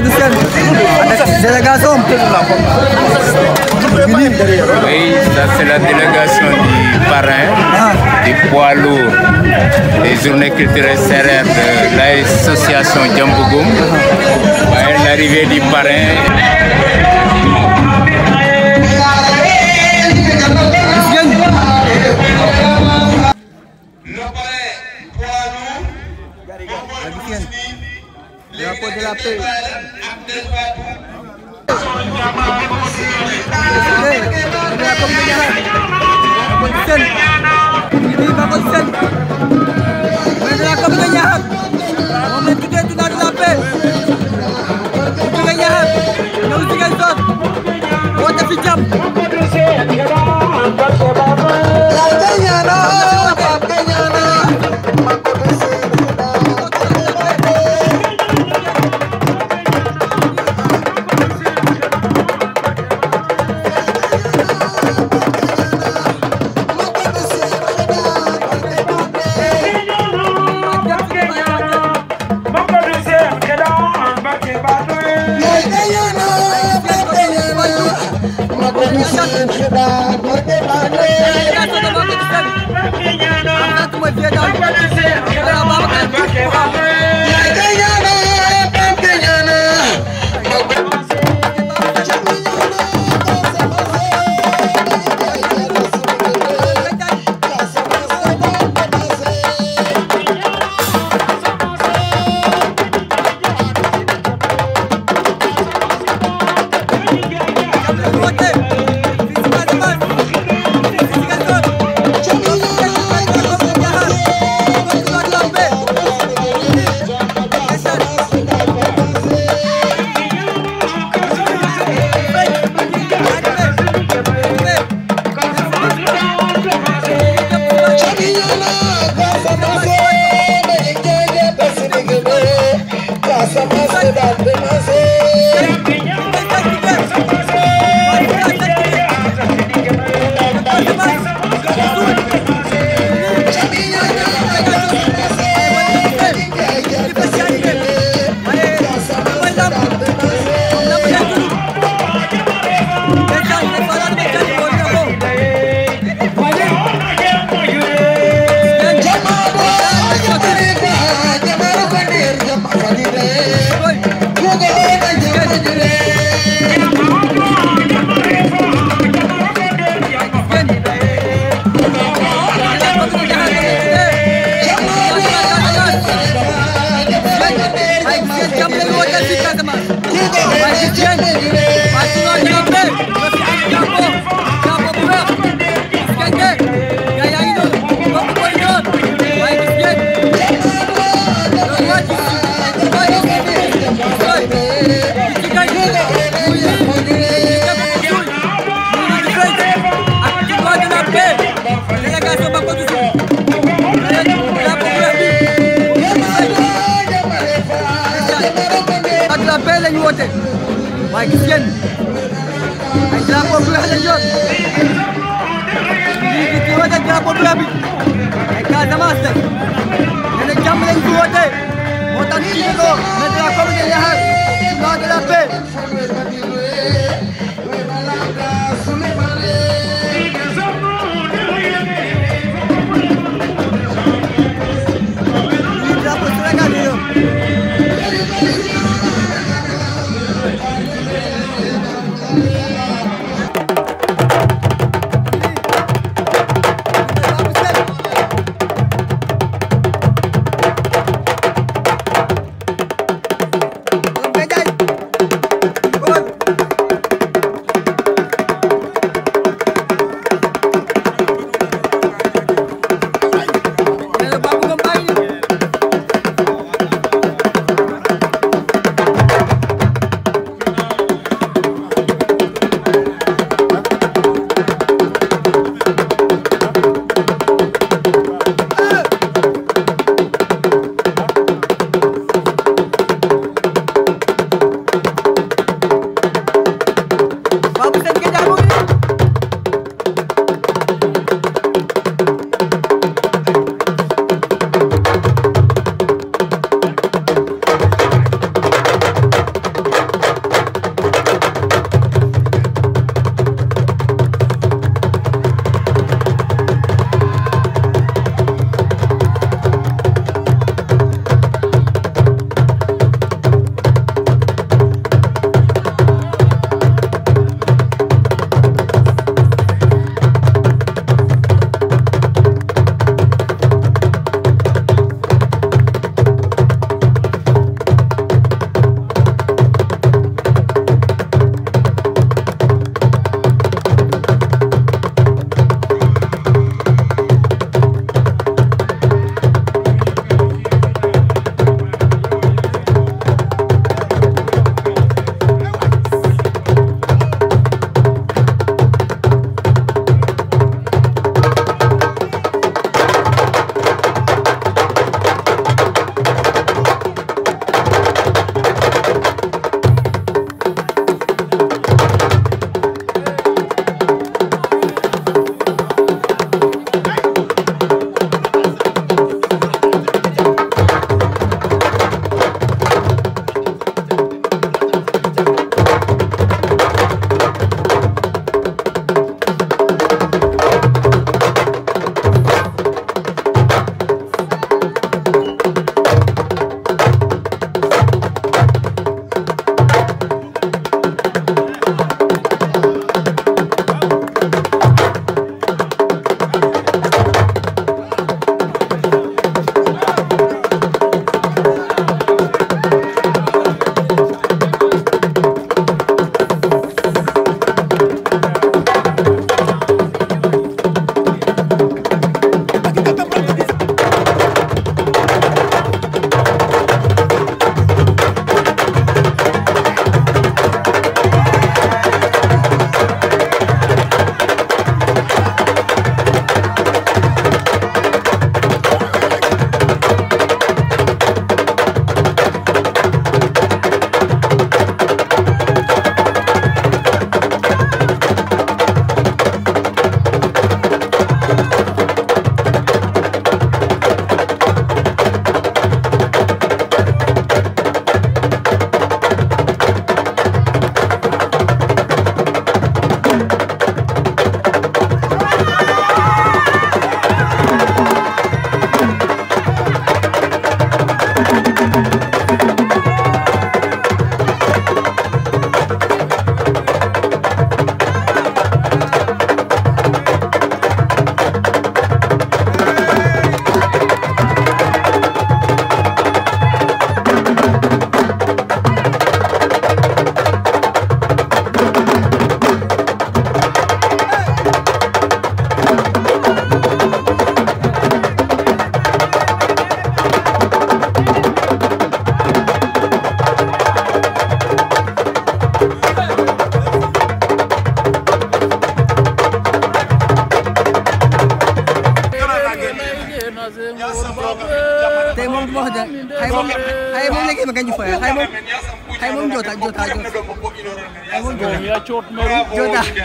Oui, c'est la délégation du parrain, ah. du poids lourd, des journées culturelles serrères de l'association Djambougoum. Ah. L'arrivée du parrain raté. Hey, Thank you.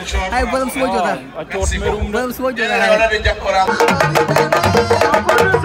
joda no borom suma joda borom suma joda ay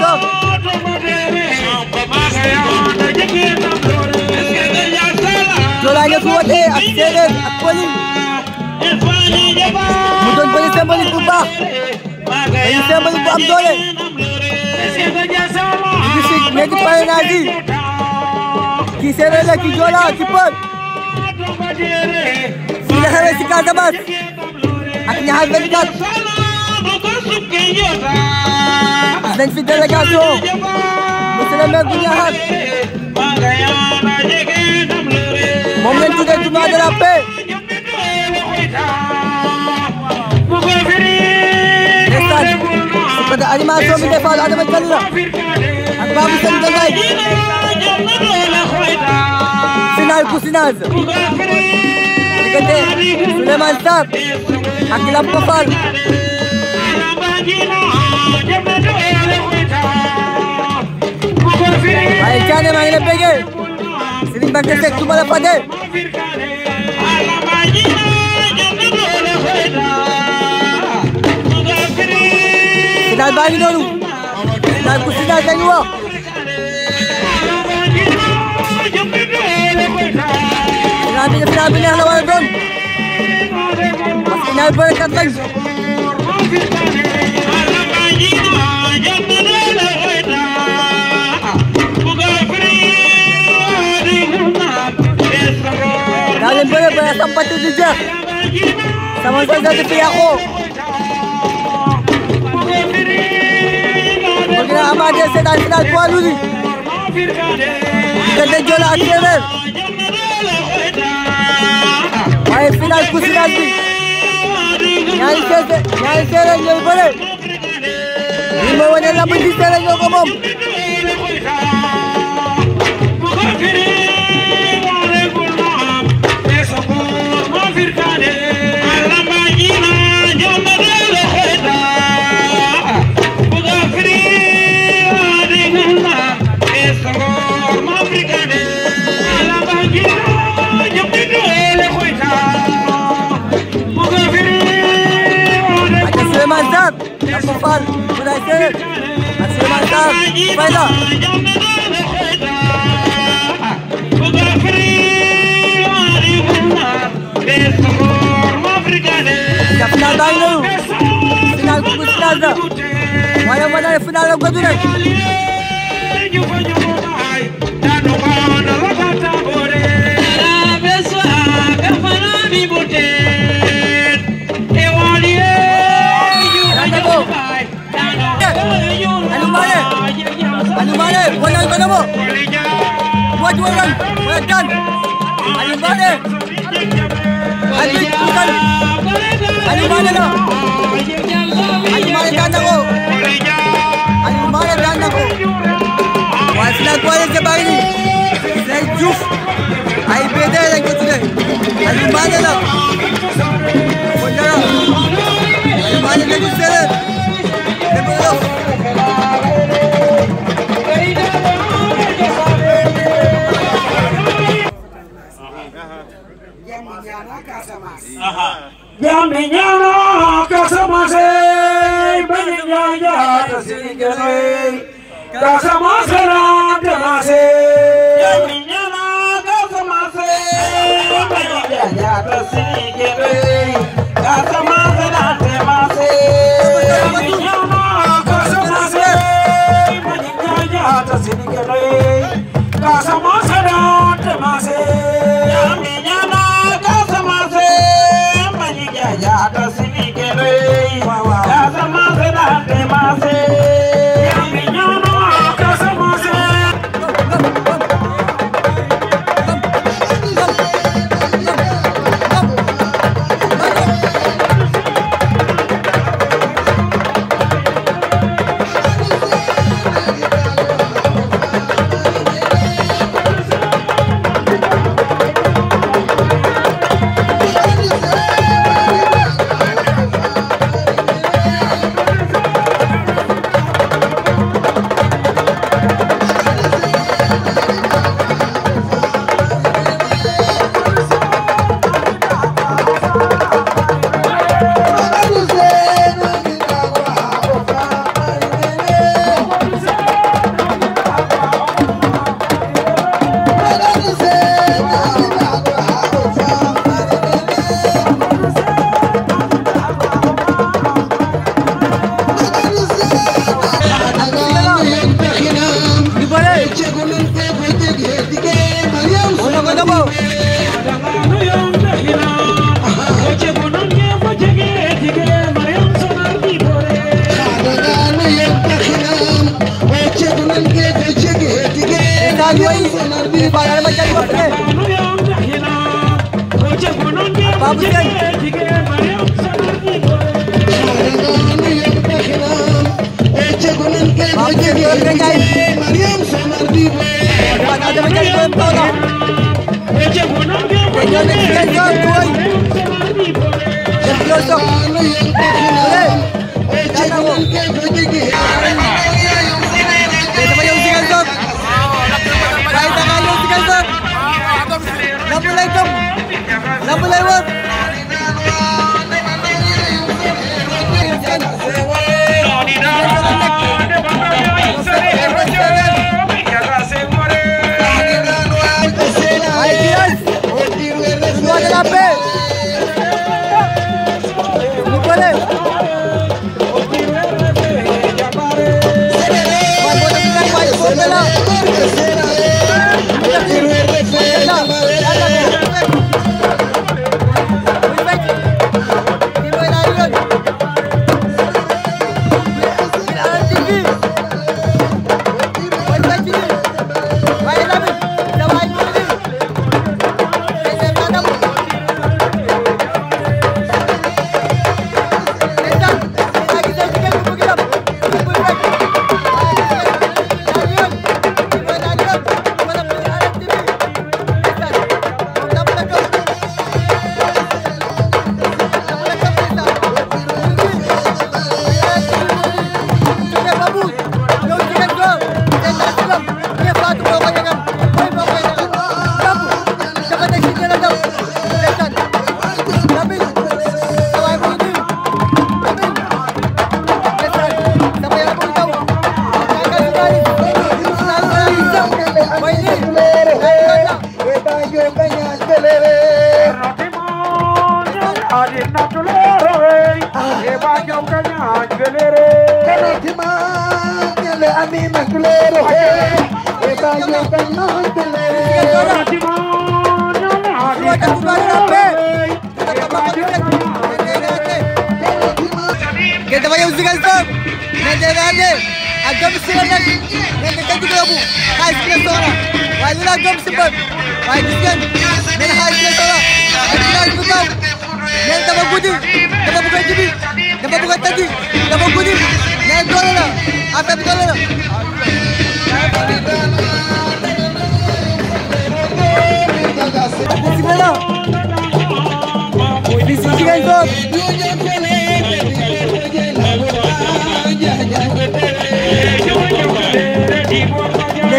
sarpanch साहब लड़ाईला सुरुवात आहे अक्षय अक्कोली मुदन police police कुपा police police आमदोळे नेगी पळणाजी किसेरेला किजोला किपट सिलेहरे सिकाचा बस आणि हा गणितात gis nañ fi délégation monsieur le maire bu Niakhar moom lañ tuddee jumaa de animation bi defal Adama la ak Babou Sène Dangay final cousinage diggante Souleymane Sarr ak Lampa काय मागले पाहिजे श्री बँकेचे तुम्हाला पाहिजे बागिनोरू ना कुशी ना सांगू राबी राबी हलवा दोन नाही पडत Galing ba na ba? Sampat ito dyan. Samang-samang natipi ako. Magkinaama dyan sa tansinat po ano ni. Ganda jola at level. Ay, final po si Nazmi. ñaari seese ñaari seere ñooy bëre lii mooy wane lamb ji seere ñoo ko moom Thank you. Ubayda. Ya finalda oynuyor. Final bu finalda. Maya maya finalda götürün. program. Well done. Alibade. Alibade. Alibade na. Alibade danda ko. Alibade danda ko. Wasila kuwale se bagni. Sen juf. Ay bede ya kutule. Alibade na. Bojara. Alibade na kusere. Ne bojara. Gambi ñaanoo Casamance bañ a ñaan jaata si gënee Casamance la demase. Gambi ñaanoo Casamance bañ a ñaan jaata si gënee Casamance la demase. Gambi ñaanoo Casamance bañ a ñaan jaata si gënee. Casamance doon te maase yaa mi ñaana Casamance ma ñi jaaja ta sini kele Casamance doon te maase want.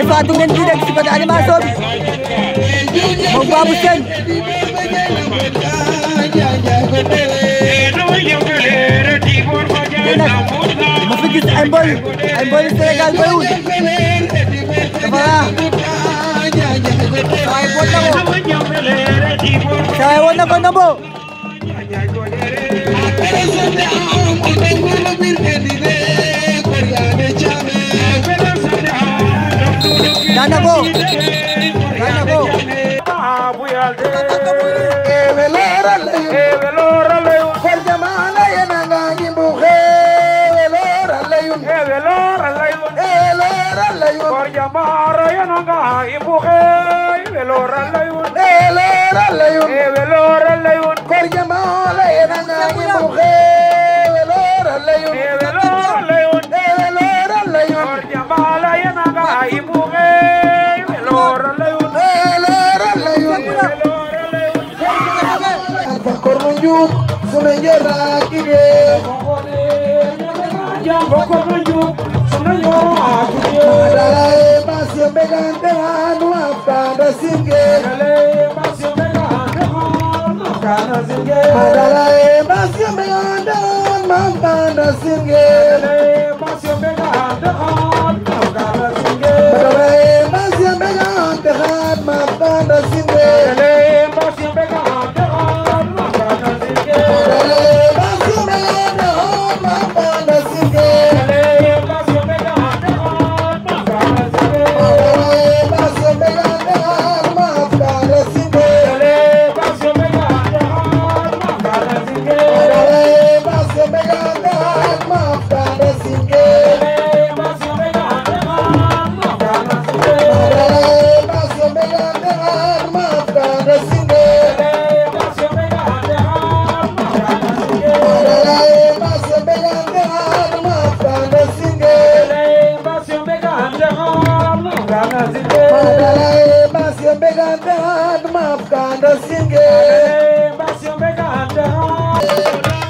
Fatou ngeen di nekk ci côté animation bi moom Babou Sène ay mboy ay mboy Sénégal bëriwul dafa laa waaye woon na Kaya na po! k a a na po! njuk sumenyera kide jamboko njuk sumenyora kide dalae basio megante hanu afkanda Basiombe Gante, Basiombe Gante,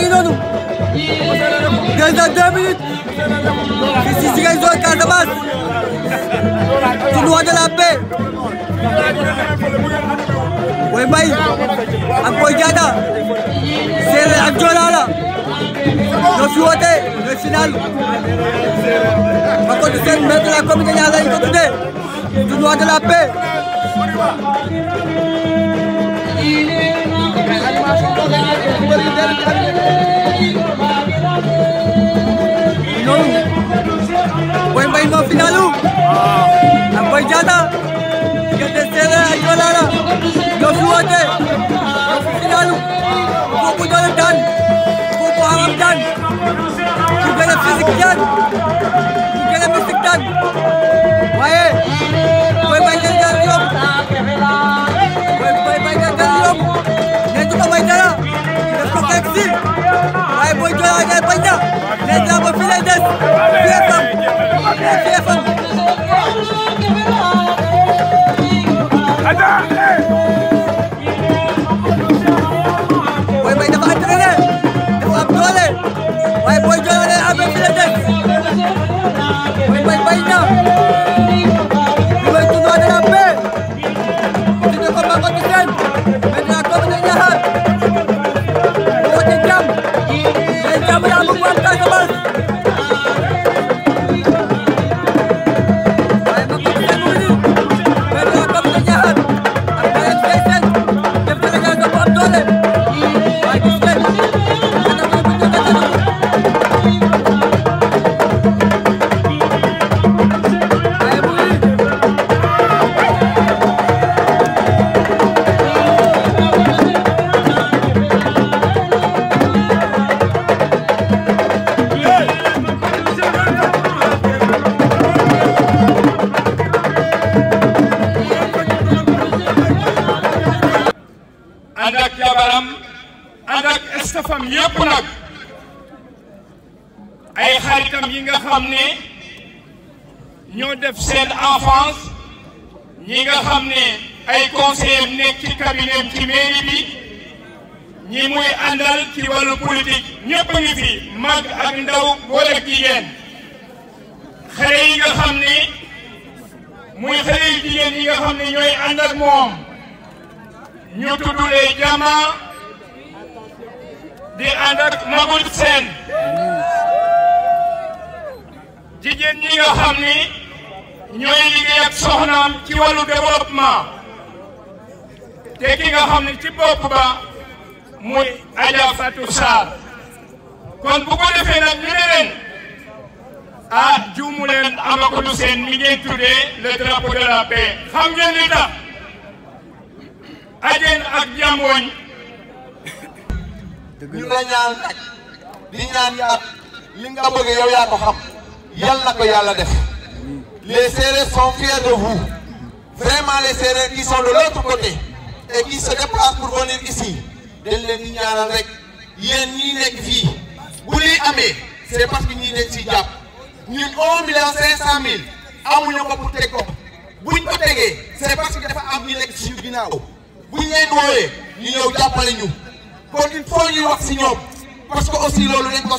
ngi noonu des na deux minutes fii si Ziguinchor Casamance tournoi de la paix Boy Mbaye ak Boy Diatta séeréer ak Joola la ñoo fi woote le final ba ko tuddee maître la commune de Niassène lañ ko tuddee tournoi de la paix Boy Mbaye moo finalu ak Boy Diatta diggante Séeréer ak Joolaala ñoo fi woote ñoo fi finalu boobu doole daan boobu aram daan ku gën a physique daan ku gën a mystique daan waaye Boy Mbaye jël daan yomb fii waaye booy Joola Njaay bañ na nee naa ba fii lay des fii FM ñoo def seen enfance ñi nga xam ne ay conseillers nekk ci cabinet ci mairie bi ñi muy àndal ci wàllu politique ñëpp a fi mag ak ndaw boole ak jigéen xale yi nga xam ne muy xale yu jigéen yi nga xam ne ñooy ànd moom ñu tuddulee jama di ànd ak Maguette Sène jigéen ñi nga xam ni ñooy liggéey ak soxnaam ci wàllu développement te ki nga xam ne ci bopp ba muy Adja Fatou Sarr kon bu ko defee nag ñu ne leen ah juumu leen Amadou Sène mi ngeen tuddee le de la xam ngeen li ak Diambogne ñu la di ñaan yaat li nga bëgg yow yaa ko xam yal na ko yàlla def les serres sont fiers de vous. Vraiment les serres qui sont de l'autre côté et qui se déplacent pour venir ici. Les rek c'est parce que ci Nous, ñun 1 million ko pour c'est parce que dafa am ni Vous ginaaw. buñ ñu ñeu jappalé ñu parce que aussi lolu une ko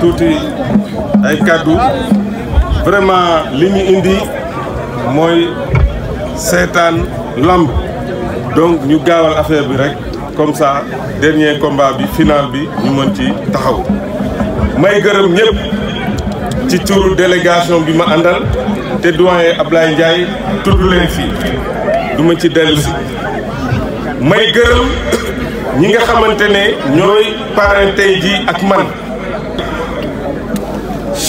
tuuti ay kàddu vraiment li ñu indi mooy seetaan lamb donc ñu gaawal affaire bi rek comme ça dernier combat bi final bi ñu mën ci taxaw may gërëm ñëpp ci turu délégation bi ma àndal te doyen Ablaye Ndiaye tudd leen fii du ma ci dellu si may gërëm ñi nga xamante ne ñooy parrain tey ak man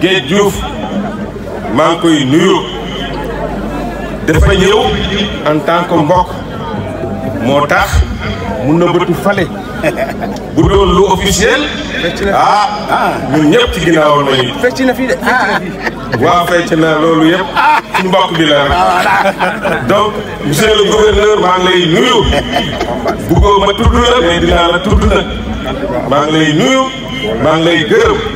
Guèye Diouf maa ngi koy nuyu dafa ñëw en tant que mbokk moo tax mu nëbbatu fale bu doon lu officiel. Ah, ah ñun ñëpp ci ginnaaw lañu. fecc na fi de ah, ah. waaw fecc na loolu yëpp ci mbokk bi la donc monsieur le gouverneur maa ngi lay nuyu. bëggoo ma tudd na maa lay nuyu maa lay gërëm.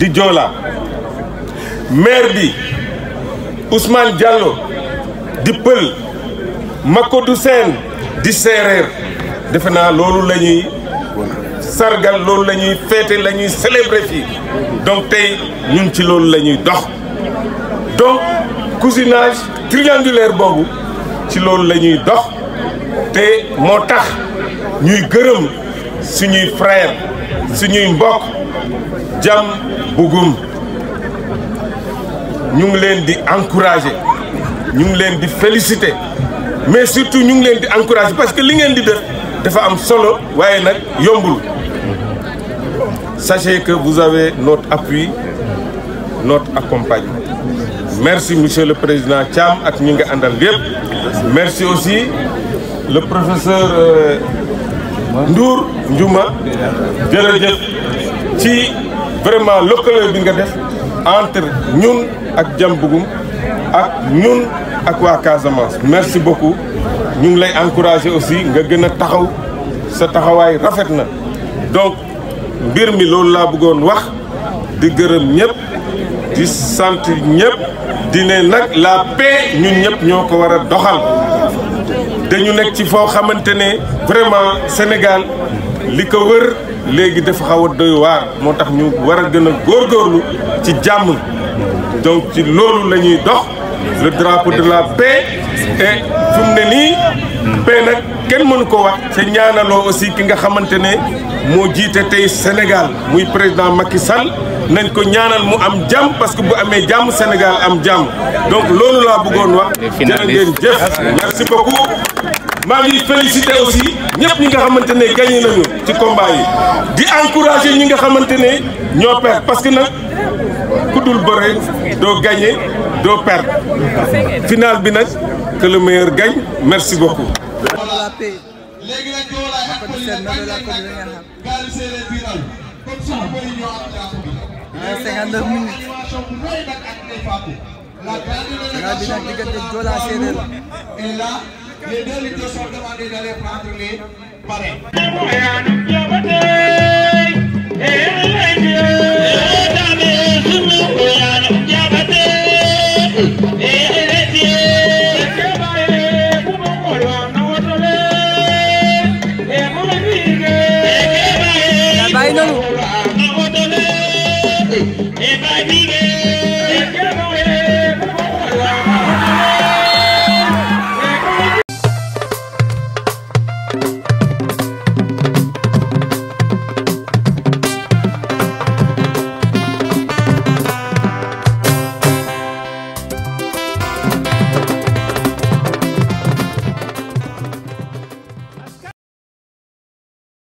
di Diola... maire bi Ousmane Diallo di Peul... Makodou Sen, di séeréer defena naa lañuy sargal loolu lañuy ñuy lañuy célébrer fi, donc tay ñun ci loolu lañuy dox donc cousinage triangulaire bobu ci loolu lañuy dox té moo tax ñuy gërëm suñuy frère suñuy mbokk nous bugum ñu ngi di encourager ñu ngi féliciter mais surtout nous ngi encourager parce que li ngeen di def dafa am solo waaye nag sachez que vous avez notre appui notre accompagnement merci monsieur le président Thiam ak ñi nga merci aussi le professeur euh, Ndour Ndiouma qui ci vraiment lëkkaloo bi nga def entre ñun ak Diambougum ak ñun ak wa Casamance merci beaucoup ñu ngi lay encourager aussi nga gëna taxaw sa taxaway rafetna donc mbir mi loolu laa bëggoon wax di gërëm ñëpp di sant ñëpp di ne nag la paix ñun ñëpp ñoo ko war a doxal dañu nekk ci foo xamante ne vraiment Sénégal li ko wër léegi dafa xaw a doy waar moo tax ñu war a gën a góorgóorlu ci jàmm donc ci loolu la ñuy dox le drapeau de la paix et fu nii paix nag kenn mënu ko wax te ñaanaloo aussi ki nga xamante ne moo jiite tey Sénégal muy président Macky Sall nañ ko ñaanal mu am jàmm parce que bu amee jàmm Sénégal am jàmm donc loolu laa bëggoon wax jërë ngeen jëf merci beaucoup maa ngi félicité yi ñëpp ñi nga xamante ne gagné nañu ci combat yi di encouragé ñi nga xamante ne ñoo perte parce que nag ku dul bëre doo gagné doo perte final bi nag que le merci beaucoup. Les deux leaders sont demandés d'aller prendre les parrains.